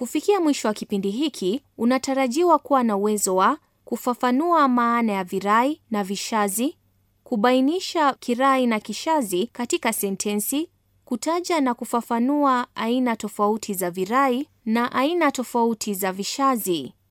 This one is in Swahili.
Kufikia mwisho wa kipindi hiki, unatarajiwa kuwa na uwezo wa kufafanua maana ya virai na vishazi, kubainisha kirai na kishazi katika sentensi, kutaja na kufafanua aina tofauti za virai na aina tofauti za vishazi.